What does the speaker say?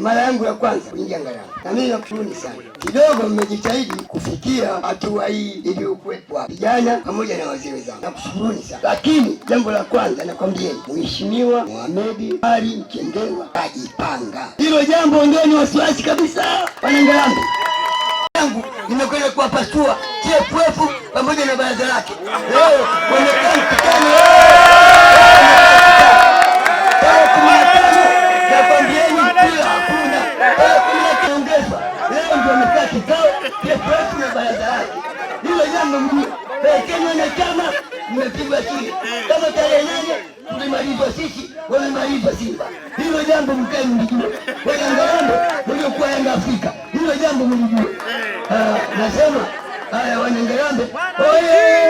mara yangu ya kwanza kuingia Ngarambe, na mimi nakushukuru sana. Kidogo mmejitahidi kufikia hatua hii iliyokuwepo hapa, vijana pamoja na wazee wenzangu, nakushukuru sana. Lakini jambo la kwanza nakwambieni, Mheshimiwa Mohamed Ali Mchengerwa kajipanga. Hilo jambo ni wasiwasi kabisa, wana Ngarambe yangu nimekwenda kuwapasua TFF pamoja na baraza lake leo ndio amekaa kikao yetu na baraza lake, hilo jambo mjua. Pelekeni wanachama, mmepigwa chini kama tarehe nane tulimaliza sisi, wamemaliza Simba. Hilo jambo mkae mlijua, Yanga Yanga mliokuwa Yanga Afrika, hilo jambo mlijua. Ah, nasema haya, wanangarambe oye